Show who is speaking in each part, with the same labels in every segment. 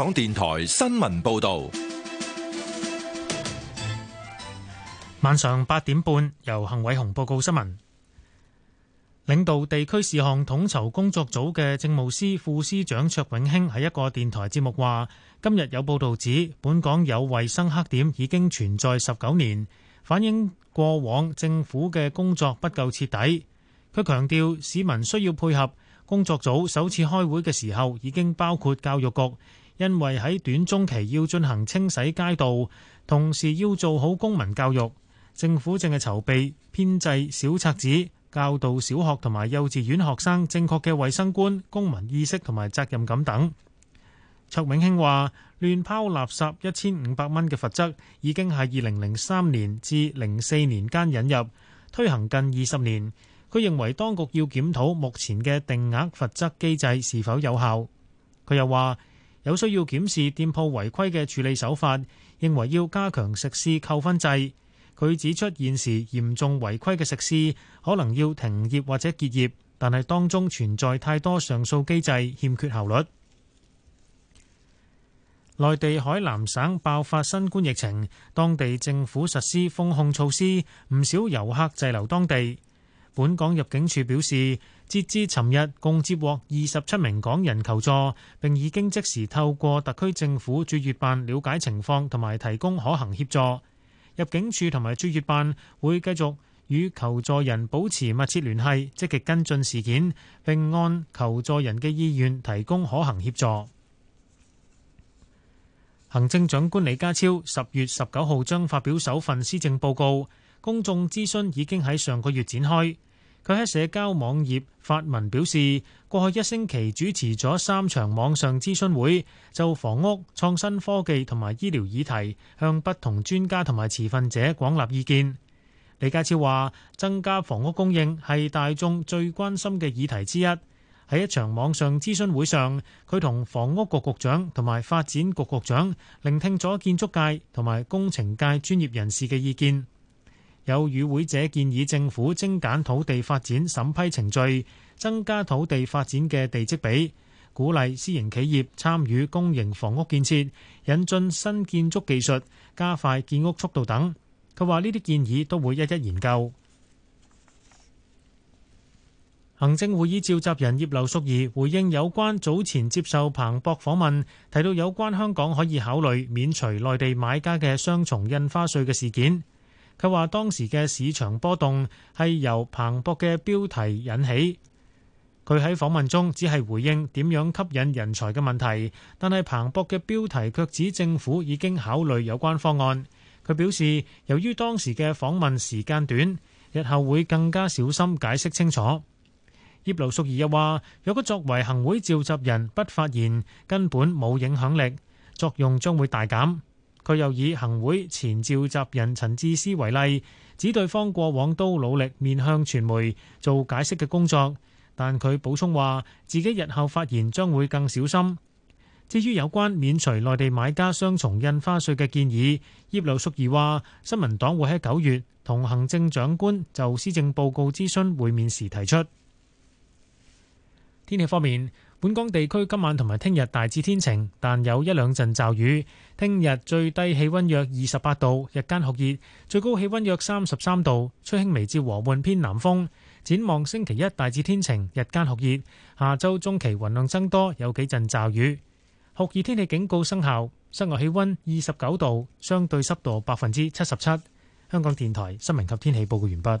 Speaker 1: 港電台新聞報道，
Speaker 2: 晚上八點半由幸偉雄報告新聞。領導地區事項統籌工作組嘅政務司副司長卓永興喺一個電台節目話，今日有報道指本港有衛生黑點已經存在十九年，反映過往政府嘅工作不夠徹底。佢強調，市民需要配合工作組首次開會嘅時候已經包括教育局。因為喺短中期要進行清洗街道，同時要做好公民教育，政府正係籌備編製小冊子，教導小學同埋幼稚園學生正確嘅衛生觀、公民意識同埋責任感等。卓永興話：亂拋垃圾一千五百蚊嘅罰則已經係二零零三年至零四年間引入，推行近二十年。佢認為當局要檢討目前嘅定額罰則機制是否有效。佢又話，有需要檢視店鋪違規嘅處理手法，認為要加強食肆扣分制。佢指出，現時嚴重違規嘅食肆可能要停業或者結業，但係當中存在太多上訴機制，欠缺效率。內地海南省爆發新冠疫情，當地政府實施封控措施，唔少遊客滯留當地。本港入境處表示，截至尋日共接獲二十七名港人求助，並已經即時透過特區政府駐粵辦了解情況同埋提供可行協助。入境處同埋駐粵辦會繼續與求助人保持密切聯繫，積極跟進事件，並按求助人嘅意願提供可行協助。行政長官李家超十月十九號將發表首份施政報告。公眾諮詢已經喺上個月展開。佢喺社交網頁發文表示，過去一星期主持咗三場網上諮詢會，就房屋、創新科技同埋醫療議題，向不同專家同埋持份者廣納意見。李家超話：增加房屋供應係大眾最關心嘅議題之一。喺一場網上諮詢會上，佢同房屋局局長同埋發展局局長聆聽咗建築界同埋工程界專業人士嘅意見。有與會者建議政府精簡土地發展審批程序，增加土地發展嘅地積比，鼓勵私營企業參與公營房屋建設，引進新建築技術，加快建屋速度等。佢話呢啲建議都會一一研究。行政會議召集人葉劉淑儀回應有關早前接受彭博訪問，提到有關香港可以考慮免除內地買家嘅雙重印花稅嘅事件。佢話當時嘅市場波動係由彭博嘅標題引起。佢喺訪問中只係回應點樣吸引人才嘅問題，但係彭博嘅標題卻指政府已經考慮有關方案。佢表示，由於當時嘅訪問時間短，日後會更加小心解釋清楚。葉劉淑儀又話，若果作為行會召集人，不發言，根本冇影響力，作用將會大減。佢又以行會前召集人陳智思為例，指對方過往都努力面向傳媒做解釋嘅工作，但佢補充話自己日後發言將會更小心。至於有關免除內地買家雙重印花稅嘅建議，葉劉淑儀話，新民黨會喺九月同行政長官就施政報告諮詢會面時提出。天氣方面。本港地區今晚同埋聽日大致天晴，但有一兩陣驟雨。聽日最低氣温約二十八度，日間酷熱，最高氣温約三十三度，吹輕微至和緩偏南風。展望星期一，大致天晴，日間酷熱。下週中期雲量增多，有幾陣驟雨。酷熱天氣警告生效。室外氣温二十九度，相對濕度百分之七十七。香港電台新聞及天氣報告完畢。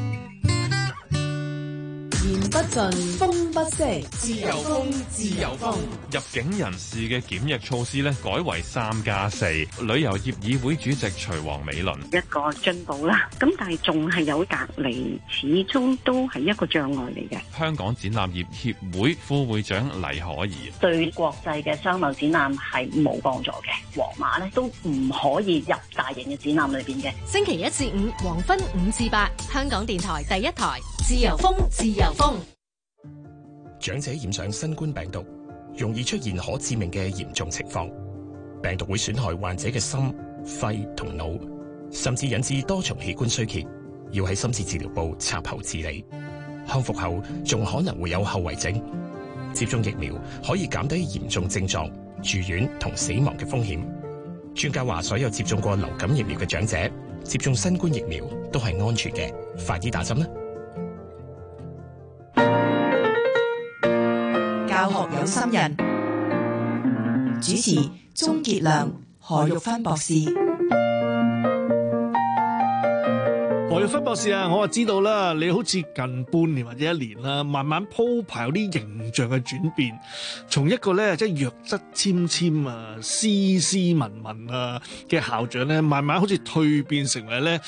Speaker 1: 言不盡，風不息，自由
Speaker 3: 風，自由
Speaker 2: 風。入境人士嘅檢疫措施咧，改為三加四。旅遊業議會主席徐王美倫，
Speaker 3: 一個進步啦。咁但係仲係有隔離，始終都係一個障礙嚟嘅。
Speaker 2: 香港展覽業協會副會長黎可怡，
Speaker 3: 對國際嘅商貿展覽係冇幫助嘅。黃碼咧都唔可以入大型嘅展覽裏邊嘅。星期一至五，黃昏五至八，香港電台第一台。自由風，自由風。長者染上
Speaker 2: 新冠病毒，容易出現可致命嘅嚴重情況。病毒會損害患者嘅心、肺同腦，甚至引致多重器官衰竭，要喺深切治療部插喉治理。康復後仲可能會有後遺症。接種疫苗可以減低嚴重症狀、住院同死亡嘅風險。專家話，所有接種過流感疫苗嘅長者接種新冠疫苗都係安全嘅，快啲打針啦！
Speaker 1: 有心人，主持鍾傑良何
Speaker 3: 玉芬博士，
Speaker 4: 何玉芬博士啊，我就知道啦。你好似近半年或者一年啦、啊，慢慢鋪排有啲形象嘅轉變，從一個咧即係弱質纖纖啊、斯斯文文啊嘅校長咧，慢慢好似蛻變成為咧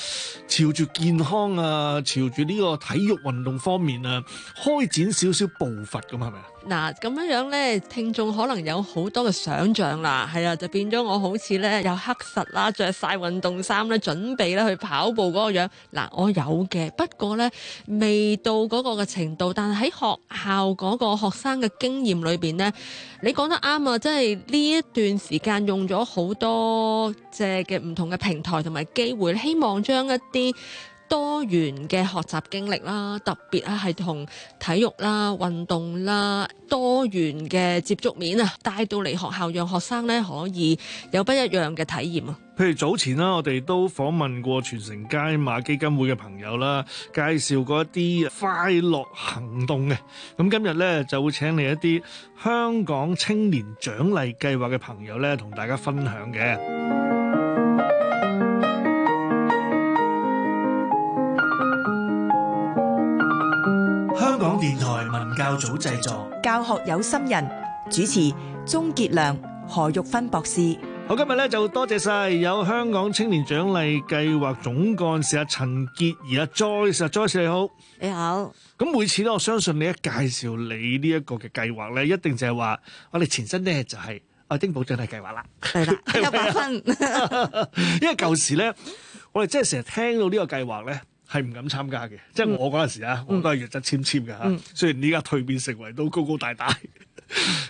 Speaker 4: 朝住健康啊、朝住呢個體育運動方面啊，開展少少步伐咁，係咪啊？
Speaker 3: 嗱，咁樣樣咧，聽眾可能有好多嘅想像啦，係啊，就變咗我好似咧有黑實啦，着晒運動衫咧，準備咧去跑步嗰個樣。嗱，我有嘅，不過咧未到嗰個嘅程度。但係喺學校嗰個學生嘅經驗裏邊咧，你講得啱啊！即係呢一段時間用咗好多隻嘅唔同嘅平台同埋機會，希望將一啲多元嘅學習經歷啦，特別啊係同體育啦、運動啦，多元嘅接觸面啊，帶到嚟學校，讓學生呢可以有不一樣嘅體驗啊。
Speaker 4: 譬如早前啦，我哋都訪問過全城街馬基金會嘅朋友啦，介紹過一啲快樂行動嘅。咁今日呢就會請嚟一啲香港青年獎勵計劃嘅朋友呢，同大家分享嘅。港電台文教組製作，
Speaker 3: 教學
Speaker 1: 有心人主持鍾傑良、何玉芬博士。好，今日咧，就多
Speaker 4: 謝晒有香港青年獎勵計劃總幹事阿陳潔儀啊，Joyce 啊 Joyce 你好，你好。咁每次咧，我相信你一介紹你呢一個嘅計劃咧，一定就係話我哋前身咧就係、是、阿、啊、丁堡獎嘅計劃啦，係啦，有百分。 因為舊時咧，我哋真係成日聽到個計劃呢個計劃咧。係唔敢參加嘅，嗯、即係我嗰陣時啊，嗯、我都係弱質纖纖嘅嚇。嗯、雖然依家蛻變成為都高高大大，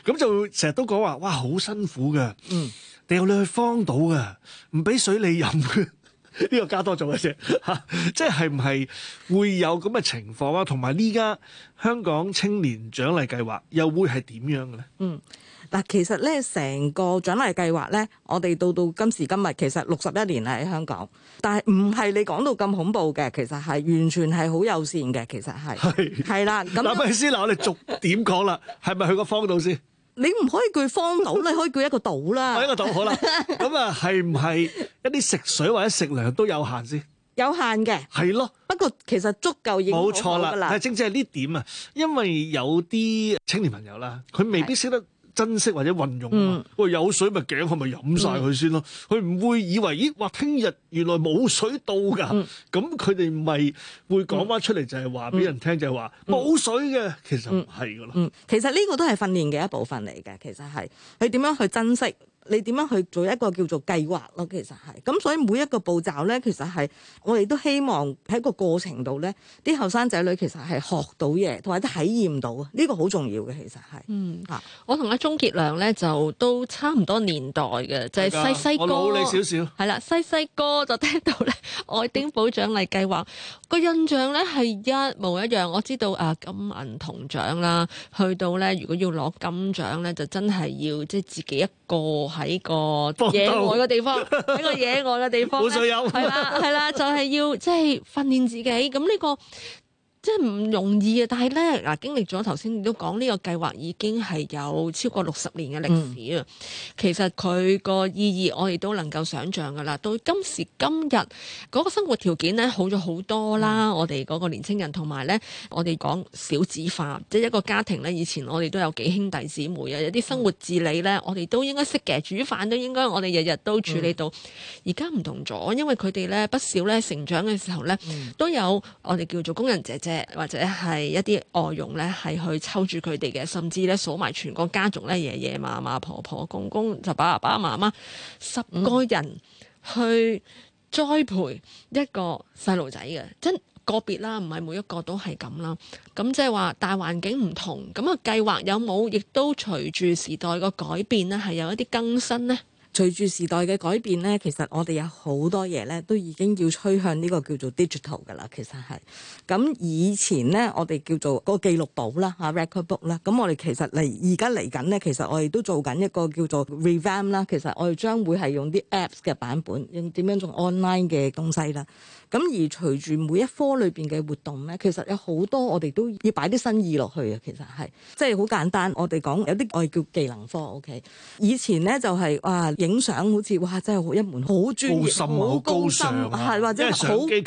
Speaker 4: 咁 就成日都講話，哇，好辛苦嘅。嗯，掉你去荒島嘅，唔俾水你飲呢 個加多咗一啫。嚇， 即係唔係會有咁嘅情況啊？同埋呢家香港青年獎勵計劃又會係
Speaker 1: 點樣嘅咧？嗯。嗱，其實咧，成個獎勵計劃咧，我哋到到今時今日，其實六十一年啦喺香港，但係唔係你講到咁恐怖嘅，其實係完全係好友善嘅，其實係係
Speaker 4: 啦。咁諗下先，嗱，我哋逐點講啦，係咪去個荒島先？
Speaker 1: 你唔可以句荒島，你可以句一個島啦。一個島好啦，
Speaker 4: 咁啊，係唔係一啲食水或者食糧都有限先？
Speaker 1: 有限嘅。係咯。不過其實足夠應用。冇錯啦。
Speaker 4: 但係正正係呢點啊，因為有啲青年朋友啦，佢未必識得珍惜或者運用，嗯、喂有水咪頸，我咪飲晒佢先咯。佢唔、嗯、會以為咦，哇！聽日原來冇水到㗎，咁佢哋咪會講翻出嚟，嗯、就係話俾人聽，就係話冇水嘅其實唔係㗎咯。
Speaker 1: 其實呢、嗯嗯、個都係訓練嘅一部分嚟嘅，其實係佢點樣去珍惜。你點樣去做一個叫做計劃咯？其實係咁，所以每一個步驟咧，其實係我哋都希望喺個過程度咧，啲後生仔女其實係學到嘢同埋都體驗到，呢、這個好重要嘅其實係。
Speaker 3: 嗯，我同阿鐘傑亮咧就都差唔多年代嘅，就係細細個。我老你少少。係啦，細細個就聽到咧愛丁堡獎勵計劃個印象咧係一模一樣。我知道誒、啊、金銀銅獎啦，去到咧如果要攞金獎咧，就真係要即係自己一個。喺個野外嘅地方，喺個野外嘅地方好咧，係啦，係啦，就係、係、要即係、就係、訓練自己。咁呢、呢個。即係唔容易啊！但係咧嗱，經歷咗頭先你都講呢個計劃已經係有超過六十年嘅歷史啊！嗯、其實佢個意義我哋都能夠想象㗎啦。到今時今日、嗰個生活條件咧好咗好多啦、嗯，我哋個年青人同埋咧，我哋講少子化，即係一個家庭咧，以前我哋都有幾兄弟姊妹啊，有啲生活自理咧，我哋都應該識嘅，煮飯都應該我哋日日都處理到。而家唔同咗，因為佢哋咧不少咧成長嘅時候咧，都有我哋叫做工人姐姐姐。或者係一啲外傭咧，係去抽住佢哋嘅，甚至咧數埋全個家族咧，爺爺嫲嫲、婆婆公公，就把阿爸阿媽十個人去栽培一個細路仔嘅，嗯、真個別啦，唔係每一個都係咁啦。咁即係話大環境唔同，咁啊計劃有冇亦都隨住時代個改變呢，係有一啲更新呢？隨住時代嘅改變
Speaker 1: 咧，其實我哋有好多嘢咧，都已經要趨向呢個叫做 digital 㗎啦。其實係咁以前咧，我哋叫做個記錄簿啦嚇，啊，record book 啦。咁我哋其實嚟而家嚟緊咧，其實我哋都做緊一個叫做 revamp 啦。其實我哋將會係用啲 apps 嘅版本，用點樣做 online 嘅東西啦。咁而隨住每一科裏邊嘅活動咧，其實有好多我哋都要擺啲新意落去啊。其實係即係好簡單，我哋講有啲我哋叫技能科，OK？以前咧就係，是，哇。影相好似哇，真係好一門好專業、好高、啊、高深，係或者好貴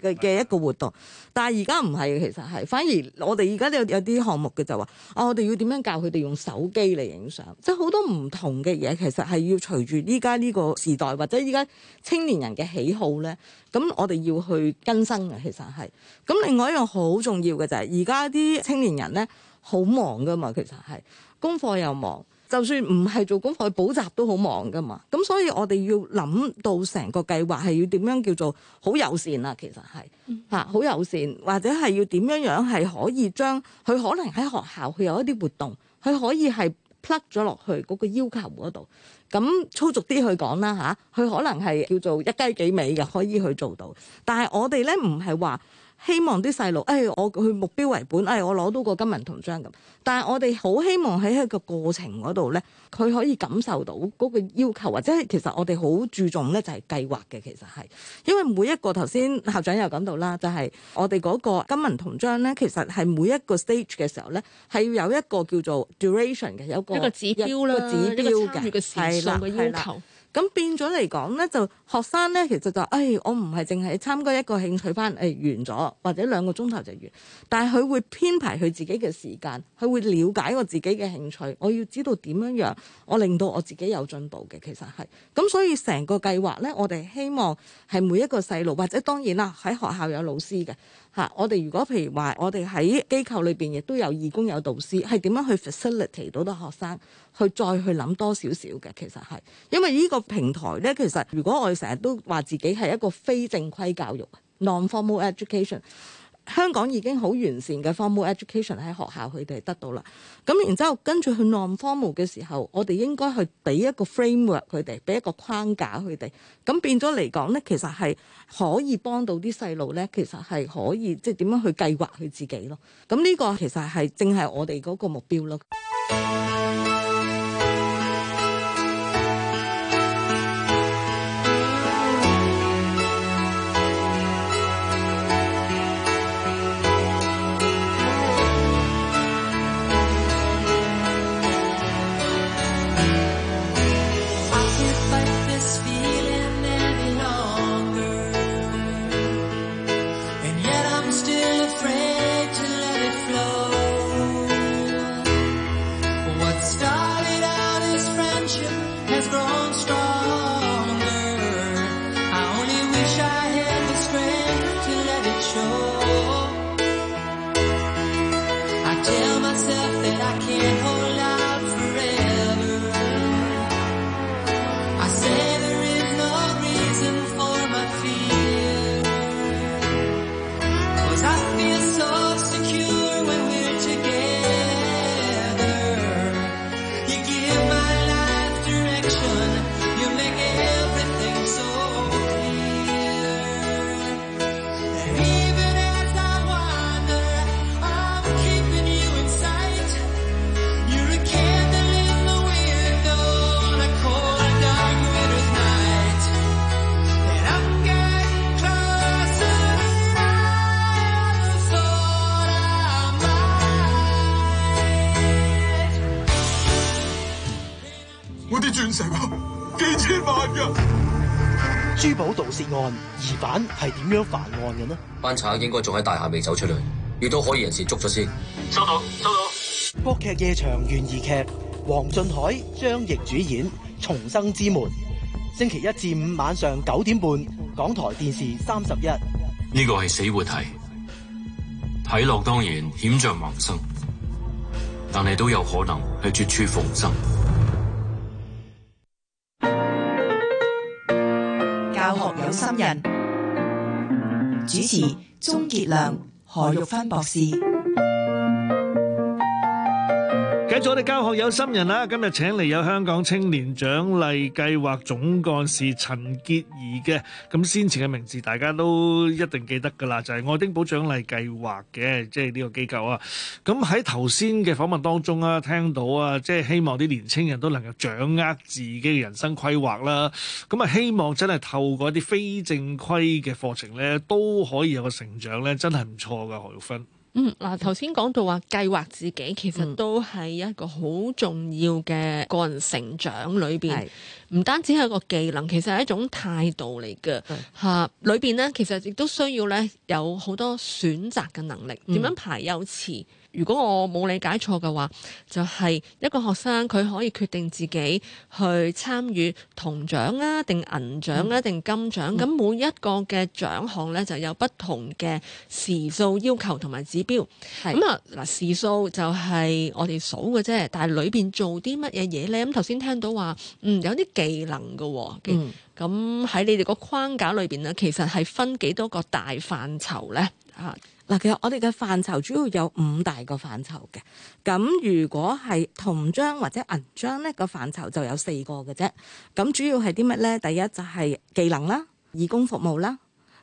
Speaker 1: 嘅嘅一個活動。但係而家唔係，其實係反而我哋而家都有有啲項目嘅就話啊，我哋要點樣教佢哋用手機嚟影相？即係好多唔同嘅嘢，其實係要隨住依家呢個時代或者依家青年人嘅喜好咧，咁我哋要去更新嘅。其實係咁，另外一樣好重要嘅就係而家啲青年人咧好忙㗎嘛，其實係功課又忙。就算唔係做功課，去補習都好忙噶嘛。咁所以我哋要諗到成個計劃係要點樣叫做好友善啊。其實係嚇好友善，或者係要點樣樣係可以將佢可能喺學校佢有一啲活動，佢可以係 plug 咗落去嗰個要求嗰度。咁、嗯、粗俗啲去講啦嚇，佢、啊、可能係叫做一雞幾尾嘅可以去做到，但係我哋咧唔係話。希望啲細路，誒、哎，我佢目標為本，誒、哎，我攞到個金銀銅章咁。但係我哋好希望喺一個過程嗰度咧，佢可以感受到嗰個要求，或者係其實我哋好注重咧，就係計劃嘅。其實係因為每一個頭先校長又講到啦，就係、是、我哋嗰個金銀銅章咧，其實係每一個 stage 嘅時候咧，係要有一個叫做 duration 嘅，有一個一個指標啦，一個參與嘅時數嘅要求。咁變咗嚟講咧，就學生咧，其實就誒、哎，我唔係淨係參加一個興趣班誒、哎，完咗或者兩個鐘頭就完。但係佢會編排佢自己嘅時間，佢會了解我自己嘅興趣。我要知道點樣樣，我令到我自己有進步嘅，其實係咁。所以成個計劃咧，我哋希望係每一個細路，或者當然啦，喺學校有老師嘅。嚇、啊！我哋如果譬如話，我哋喺機構裏邊亦都有義工有導師，係點樣去 facilitate 到啲學生去再去諗多少少嘅？其實係因為呢個平台呢，其實如果我哋成日都話自己係一個非正規教育 （non-formal education）。香港已經好完善嘅 formal education 喺學校佢哋得到啦，咁然之後跟住去 non-formal 嘅時候，我哋應該去俾一個 framework 佢哋，俾一個框架佢哋，咁變咗嚟講呢，其實係可以幫到啲細路呢，其實係可以即係點樣去計劃佢自己咯。咁呢個其實係正係我哋嗰個目標咯。
Speaker 2: 案疑犯係點樣犯案嘅呢？
Speaker 3: 班賊應該仲喺大廈未走出嚟，遇到可疑人士捉咗先。收到，
Speaker 2: 收到。國劇夜場懸疑劇，王俊凱、張譯主演《重生之門》，星期一至五晚上九點半，港台電視三十一。呢個係死活題，睇落當然險象橫生，但係都有可能係絕處逢生。
Speaker 1: 教學有心人，主持鍾傑
Speaker 3: 良、何玉芬博士。
Speaker 1: 繼續
Speaker 4: 我哋教學有心人啦！今日請嚟有香港青年獎勵計劃總幹事陳潔怡嘅。咁先前嘅名字大家都一定記得㗎啦，就係愛丁堡獎勵計劃嘅，即係呢個機構啊。咁喺頭先嘅訪問當中啊，聽到啊，即係希望啲年青人都能夠掌握自己嘅人生規劃啦。咁啊，希望真係透過啲非正規嘅課程咧，都可以有個成長咧，真係唔錯㗎，何玉芬。
Speaker 3: 嗯，嗱，頭先講到話計劃自己，其實都係一個好重要嘅個人成長裏邊，唔是單止係一個技能，其實係一種態度嚟嘅吓。裏邊咧，其實亦都需要咧有好多選擇嘅能力，點樣、嗯、排優次。如果我冇理解錯嘅話，就係、是、一個學生佢可以決定自己去參與銅獎啊、定銀獎啊、定金獎啊。咁、嗯、每一個嘅獎項咧，就有不同嘅時數要求同埋指標。咁啊嗱，時數就係我哋數嘅啫。但係裏邊做啲乜嘢嘢咧？咁頭先聽到話，嗯，有啲技能嘅、哦。咁喺、嗯、你哋個框架裏邊呢，其實係分幾多個大範疇咧？啊！嗱，其實我哋嘅範疇主要有五大個範疇嘅。咁如果係
Speaker 1: 銅章或者銀章咧，個範疇就有四個嘅啫。咁主要係啲乜咧？第一就係技能啦，義工服務啦。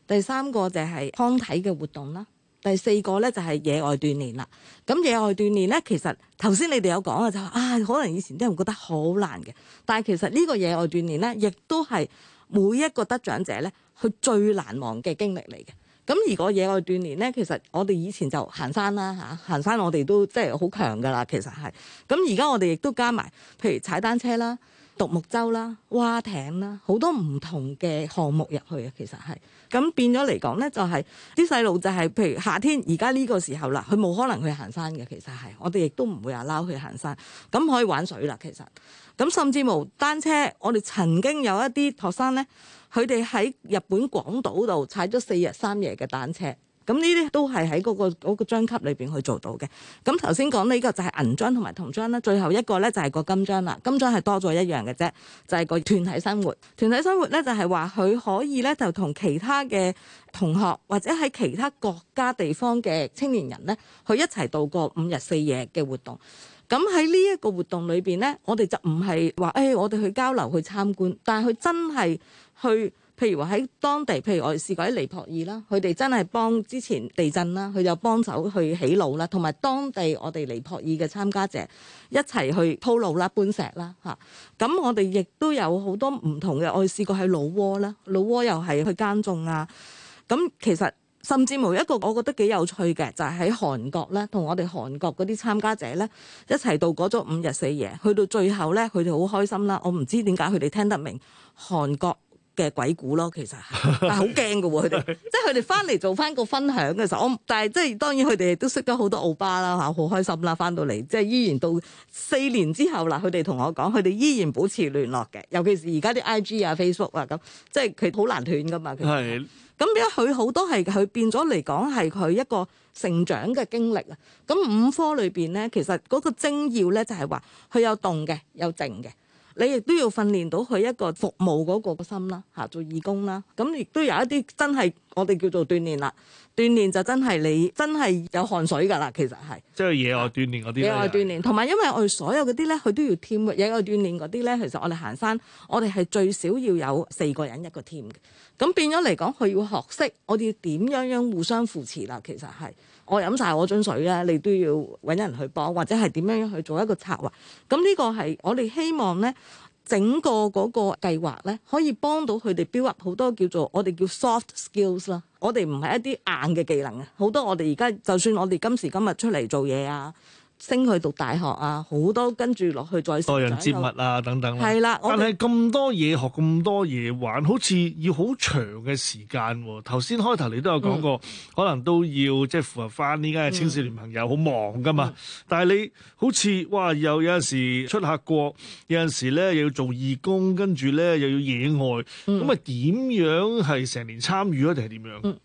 Speaker 1: 第三個就係康體嘅活動啦。第四個咧就係野外鍛煉啦。咁野外鍛煉咧，其實頭先你哋有講啊，就話啊，可能以前啲人覺得好難嘅，但係其實呢個野外鍛煉咧，亦都係每一個得獎者咧，佢最難忘嘅經歷嚟嘅。咁如果野外鍛煉呢？其實我哋以前就行山啦嚇，行山我哋都即係好強噶啦，其實係。咁而家我哋亦都加埋，譬如踩單車啦、獨木舟啦、蛙艇啦，好多唔同嘅項目入去啊，其實係。咁變咗嚟講呢，就係啲細路就係、是、譬如夏天，而家呢個時候啦，佢冇可能去行山嘅，其實係。我哋亦都唔會話撈去行山，咁可以玩水啦，其實。咁甚至冇單車，我哋曾經有一啲學生呢。佢哋喺日本廣島度踩咗四日三夜嘅單車，咁呢啲都係喺嗰個嗰個章級裏邊去做到嘅。咁頭先講呢個就係銀章同埋銅章啦，最後一個呢就係個金章啦。金章係多咗一樣嘅啫，就係個團體生活。團體生活呢就係話佢可以呢就同其他嘅同學或者喺其他國家地方嘅青年人呢去一齊度過五日四夜嘅活動。咁喺呢一個活動裏邊呢，我哋就唔係話誒我哋去交流去參觀，但係佢真係。去，譬如話喺當地，譬如我哋試過喺尼泊爾啦，佢哋真係幫之前地震啦，佢就幫手去起路啦，同埋當地我哋尼泊爾嘅參加者一齊去鋪路啦、搬石啦嚇。咁、啊、我哋亦都有好多唔同嘅，我哋試過喺老撾啦，老撾又係去耕種啊。咁其實甚至冇一個我覺得幾有趣嘅，就係、是、喺韓國咧，同我哋韓國嗰啲參加者咧一齊度過咗五日四夜。去到最後咧，佢哋好開心啦。我唔知點解佢哋聽得明韓國。嘅鬼故咯，其實係好驚嘅喎，佢哋 即係佢哋翻嚟做翻個分享嘅時候，我但係即係當然佢哋都識得好多奧巴啦嚇，好、啊、開心啦，翻到嚟即係依然到四年之後啦，佢哋同我講，佢哋依然保持聯絡嘅，尤其是而家啲 IG 啊、Facebook 啊咁，即係佢好難斷嘅嘛。佢係。咁 因為佢好多係佢變咗嚟講係佢一個成長嘅經歷啊。咁五科裏邊咧，其實嗰個精要咧就係話佢有動嘅，有靜嘅。你亦都要訓練到佢一個服務嗰個心啦，嚇做義工啦。咁亦都有一啲真係我哋叫做鍛鍊啦，鍛鍊就真係你真係有汗水噶啦。其實係
Speaker 4: 即係野外鍛鍊嗰啲咧，野外鍛
Speaker 1: 鍊同埋因為我哋所有嗰啲咧，佢都要 team 野外鍛鍊嗰啲咧，其實我哋行山，我哋係最少要有四個人一個 team 嘅。咁變咗嚟講，佢要學識我哋要點樣樣互相扶持啦。其實係。我飲晒我樽水咧，你都要揾人去幫，或者係點樣樣去做一個策劃。咁呢個係我哋希望呢整個嗰個計劃咧，可以幫到佢哋 build up 好多叫做我哋叫 soft skills 啦。我哋唔係一啲硬嘅技能啊，好多我哋而家就算我哋今時今日出嚟做嘢啊。升去讀大學啊，好多跟住落去再。待人接物
Speaker 4: 啊，等等啦、啊。啦，但係咁多嘢學，咁多嘢，玩，好似要好長嘅時間、啊。頭先開頭你都有講過，嗯、可能都要即係、就是、符合翻呢家嘅青少年朋友好、嗯、忙㗎嘛。嗯、但係你好似哇，有有陣時出下國，有陣時咧又要做義工，跟住咧又要野外。咁啊、嗯，點樣係成年參與啊？定係點樣？
Speaker 1: 嗱、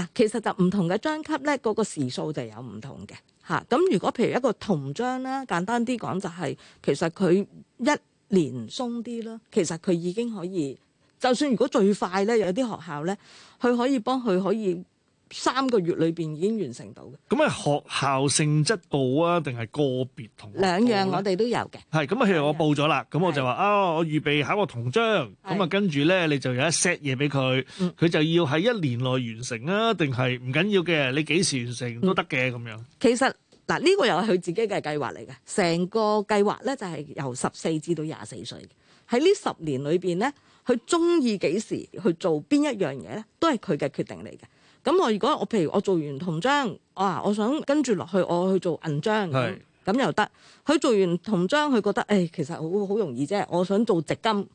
Speaker 1: 嗯，其實就唔同嘅章級咧，嗰、那個時數就有唔同嘅。嚇咁，啊、如果譬如一個銅章咧，簡單啲講就係其實佢一年鬆啲啦，其實佢已經可以，就算如果最快咧，有啲學校咧，佢可以幫佢可以。三個月裏邊已經完成到
Speaker 4: 嘅咁啊，學校性質報啊，定係個別
Speaker 1: 同兩樣，我哋都有嘅。
Speaker 4: 係咁啊，譬如我報咗啦，咁我就話啊，我預備考個銅章咁啊，跟住咧你就有一 set 嘢俾佢，佢就要喺一年內完成啊，定係唔緊要嘅，你幾時完成都得嘅咁樣。
Speaker 1: 其實嗱，呢個又係佢自己嘅計劃嚟嘅。成個計劃咧就係由十四至到廿四歲喺呢十年裏邊咧，佢中意幾時去做邊一樣嘢咧，都係佢嘅決定嚟嘅。咁我如果我譬如我做完銅章，啊，我想跟住落去我去做銀章，咁又是得。佢做完銅章，佢覺得誒其實好好容易啫，我想做直金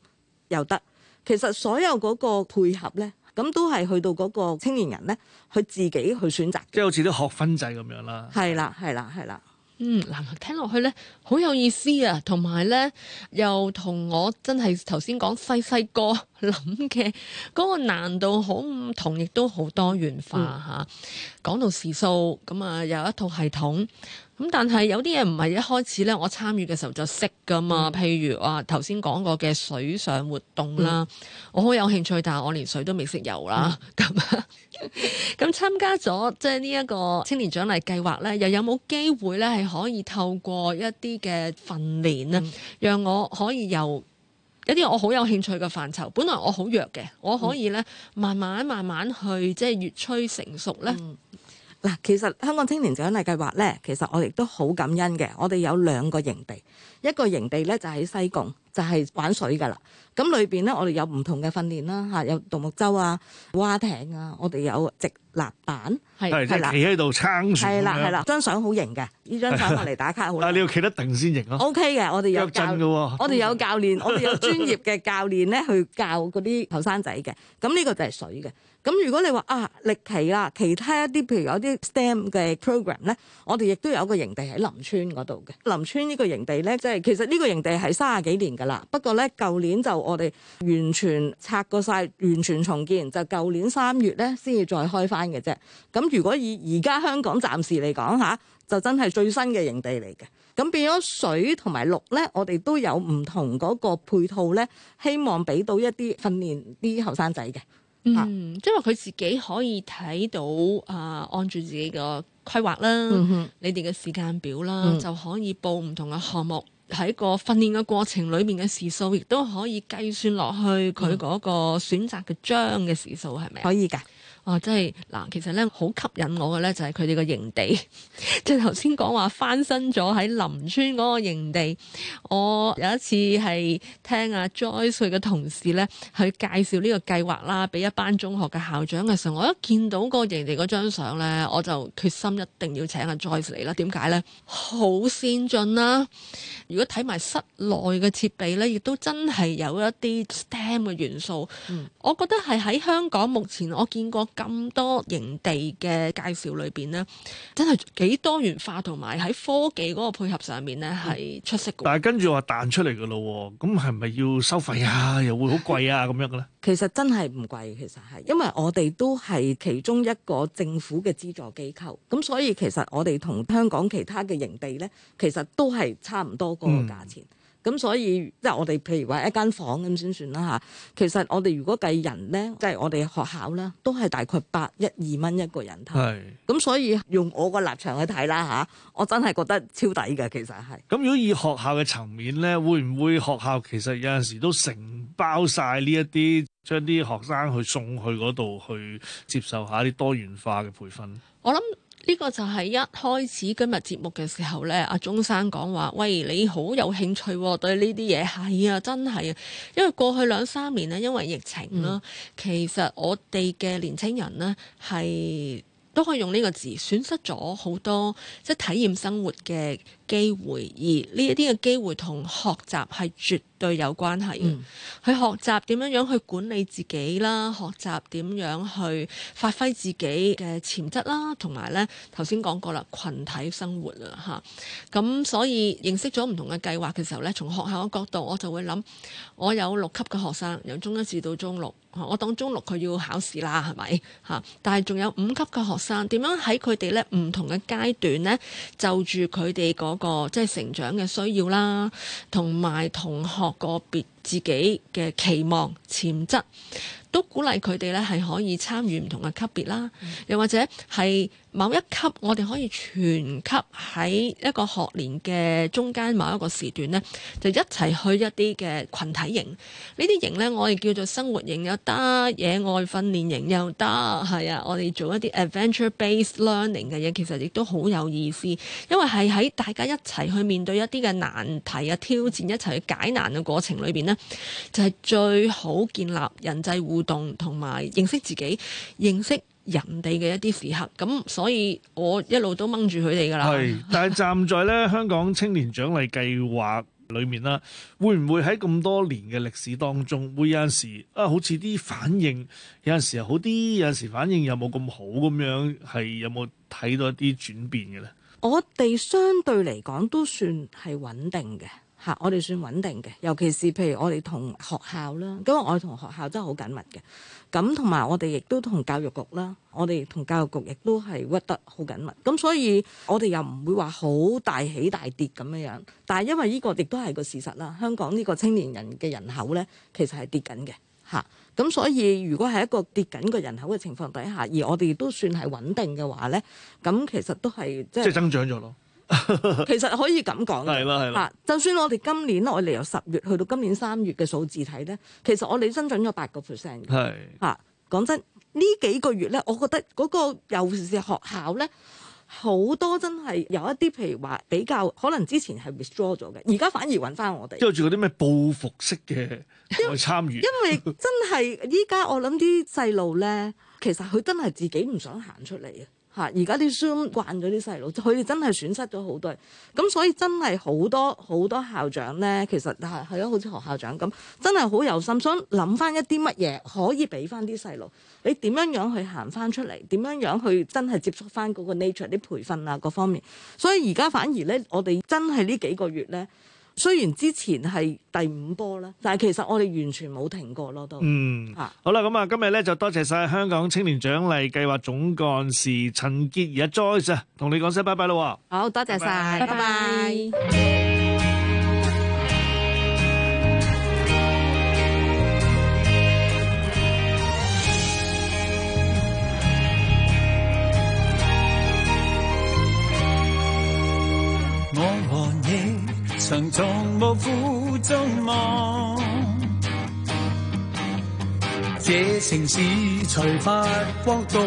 Speaker 1: 又得。其實所有嗰個配合咧，咁都係去到嗰個青年人咧，佢自己去選擇。即
Speaker 4: 係好似啲學分制咁樣啦。
Speaker 1: 係
Speaker 3: 啦，係啦，係啦。嗯，嗱，聽落去咧好有意思啊，同埋咧又同我真係頭先講細細個諗嘅嗰個難度好唔同，亦都好多元化嚇、嗯啊。講到時數，咁、嗯、啊有一套系統，咁、嗯、但係有啲嘢唔係一開始咧，我參與嘅時候就識㗎嘛。嗯、譬如話頭先講過嘅水上活動啦，嗯、我好有興趣，但係我連水都未識游啦咁啊。嗯 咁參 加咗即係呢一個青年獎勵計劃呢，又有冇機會呢？係可以透過一啲嘅訓練啊，嗯、讓我可以由一啲我好有興趣嘅範疇，本來我好弱嘅，我可以呢慢慢慢慢去即係、就是、越趨成熟呢。嗯
Speaker 1: 嗱，其實香港青年獎勵計劃咧，其實我哋都好感恩嘅。我哋有兩個營地，一個營地咧就喺、是、西貢，就係、是、玩水噶啦。咁裏邊咧，我哋有唔同嘅訓練啦，嚇、呃，有獨木舟啊、蛙艇啊，我哋有直立板，係係是啦，企
Speaker 4: 喺度撐船，係啦係啦，啦，
Speaker 1: 張相好型嘅，呢張相落嚟
Speaker 4: 打卡好。但係你要企得定先型咯。O K 嘅，我哋有教，啊、我
Speaker 1: 哋有教練，我哋有專業嘅教練咧 去教嗰啲後生仔嘅。咁、嗯、呢個就係水嘅。咁如果你話啊歷奇啦，其他一啲譬如有啲 STEM 嘅 program 咧，我哋亦都有個營地喺林村嗰度嘅。林村呢個營地咧，即係其實呢個營地係三十幾年㗎啦。不過咧，舊年就我哋完全拆過晒，完全重建，就舊年三月咧先至再開翻嘅啫。咁如果以而家香港暫時嚟講嚇，就真係最新嘅營地嚟嘅。咁變咗水同埋綠咧，我哋都有唔同嗰個配套咧，希望俾到一啲訓練啲後生仔嘅。
Speaker 3: 嗯，即係話佢自己可以睇到啊、呃，按住自己個規劃啦，嗯、哼你哋嘅時間表啦，嗯、就可以報唔同嘅項目喺個訓練嘅過程裏面嘅時數，亦都可以計算落去佢嗰個選擇嘅章嘅時數，係咪、嗯？嗎可以㗎。啊，即係嗱，其實咧好吸引我嘅咧就係佢哋個營地，即係頭先講話翻新咗喺林村嗰個營地。我有一次係聽阿 Joyce 嘅同事咧去介紹呢個計劃啦，俾一班中學嘅校長嘅時候，我一見到個營地嗰張相咧，我就決心一定要請阿 Joyce 嚟啦。點解咧？好先進啦、啊，如果睇埋室內嘅設備咧，亦都真係有一啲 STEM 嘅元素。嗯、我覺得係喺香港目前我見過，咁多營地嘅介紹裏邊呢，真係幾多元化，同埋喺科技嗰個配合上面呢，係出色
Speaker 4: 嘅。嗯。但係跟住話彈出嚟嘅咯，咁係咪要收費啊？又會好貴啊？咁樣嘅咧？其實
Speaker 1: 真係唔貴，其實係因為我哋都係其中一個政府嘅資助機構，咁所以其實我哋同香港其他嘅營地呢，其實都係差唔多個價錢。嗯。咁所以即係我哋譬如話一間房咁先算啦吓，其實我哋如果計人咧，即係我哋學校咧，都係大概八一二蚊一個人頭，係。咁所以用我個立場去睇啦吓，我真係覺得超抵嘅其實係。
Speaker 4: 咁如果以學校嘅層面咧，會唔會學校其實有陣時都承包晒呢一啲，將啲學生去送去嗰度去接受一下啲多元化嘅培訓，
Speaker 3: 我諗。呢個就係一開始今日節目嘅時候呢，阿鍾生講話：喂，你好有興趣、哦、對呢啲嘢？係啊，真係啊，因為過去兩三年呢，因為疫情啦，嗯、其實我哋嘅年青人呢，係都可以用呢個字，損失咗好多即係體驗生活嘅機會而呢一啲嘅機會同學習係絕對有關係嘅。嗯、去學習點樣樣去管理自己啦，學習點樣去發揮自己嘅潛質啦，同埋呢頭先講過啦，群體生活啊嚇。咁所以認識咗唔同嘅計劃嘅時候呢，從學校嘅角度，我就會諗，我有六級嘅學生，由中一至到中六、啊，我當中六佢要考試啦，係咪嚇？但係仲有五級嘅學生，點樣喺佢哋呢唔同嘅階段呢，就住佢哋嗰個即係成長嘅需要啦，同埋同學個別自己嘅期望、潛質。都鼓勵佢哋咧係可以參與唔同嘅級別啦，又或者係某一級，我哋可以全級喺一個學年嘅中間某一個時段咧，就一齊去一啲嘅群體營。呢啲營咧，我哋叫做生活營又得，野外訓練營又得，係啊，我哋做一啲 adventure-based learning 嘅嘢，其實亦都好有意思，因為係喺大家一齊去面對一啲嘅難題啊挑戰，一齊去解難嘅過程裏邊呢，就係最好建立人際互動同埋認識自己、認識人哋嘅一啲時刻，咁所以我一路都掹住佢哋噶啦。係，
Speaker 4: 但係站在咧 香港青年獎勵計劃裏面啦，會唔會喺咁多年嘅歷史當中，會有陣時啊，好似啲反應有陣時好啲，有陣時反應有冇咁好咁樣，係有冇睇到一啲轉變嘅咧？
Speaker 1: 我哋相對嚟講都算係穩定嘅。嚇！我哋算穩定嘅，尤其是譬如我哋同學校啦，因為我哋同學校真係好緊密嘅。咁同埋我哋亦都同教育局啦，我哋同教育局亦都係屈得好緊密。咁所以我哋又唔會話好大起大跌咁樣樣。但係因為呢個亦都係個事實啦，香港呢個青年人嘅人口咧，其實係跌緊嘅嚇。咁所以如果係一個跌緊個人口嘅情況底下，而我哋都算係穩定嘅話咧，咁其實都係即係增長咗咯。 其實可以咁講啦，嚇、啊，就算我哋今年我哋由十月去到今年三月嘅數字睇咧，其實我哋增長咗八個 percent 嘅，嚇。講的、啊、真，呢幾個月咧，我覺得嗰、嗰個尤其是學校咧，好多真係有一啲，譬如話比較可能之前係 restore 咗嘅，而家反而揾翻我哋。跟住
Speaker 4: 啲咩報復式嘅參與 因。因為
Speaker 1: 真係依家我諗啲細路咧，其實佢真係自己唔想行出嚟啊。嚇！而家啲 Zoom 慣咗啲細路，佢哋真係損失咗好多，咁所以真係好多好多校長呢，其實係係啊，好似學校長咁，真係好有心，想諗翻一啲乜嘢可以俾翻啲細路，你點樣樣去行翻出嚟，點樣樣去真係接觸翻嗰個 nature 啲培訓啊各方面，所以而家反而呢，我哋真係呢幾個月呢。雖然之前係第五波啦，但係其實我哋完全冇停過咯，都
Speaker 4: 嗯，好啦，咁啊，今日咧就多謝晒香港青年獎勵計劃總幹事陳潔儀 Joyce，同你講聲拜拜咯！好
Speaker 3: 多謝晒，拜拜。
Speaker 2: 從無負眾望，這城市才發光到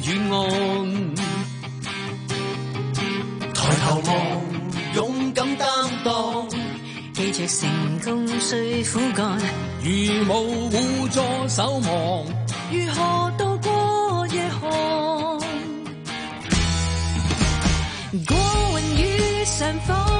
Speaker 2: 遠岸。
Speaker 3: 抬頭望，勇敢擔當，記着成功需苦幹。如無互助守望，如何渡過夜寒？
Speaker 4: 過雲雨上方。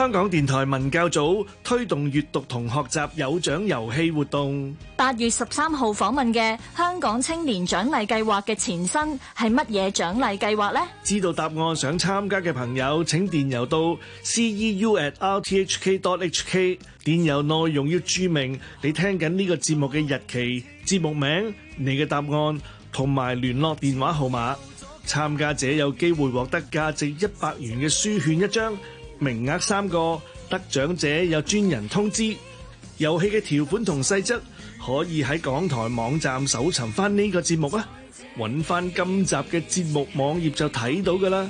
Speaker 4: 香港電台文教組推動閱讀同學習有獎遊戲活動。
Speaker 3: 八月十三號訪問嘅香港青年獎勵計劃嘅前身係乜嘢獎勵計劃呢？
Speaker 4: 知道答案想參加嘅朋友，請電郵到 ceu@rthk.hk，電郵內容要注明你聽緊呢個節目嘅日期、節目名、你嘅答案同埋聯絡電話號碼。參加者有機會獲得價值一百元嘅書券一張。名額三個得獎者有專人通知，遊戲嘅條款同細則可以喺港台網站搜尋返呢個節目啊，揾返今集嘅節目網頁就睇到㗎啦。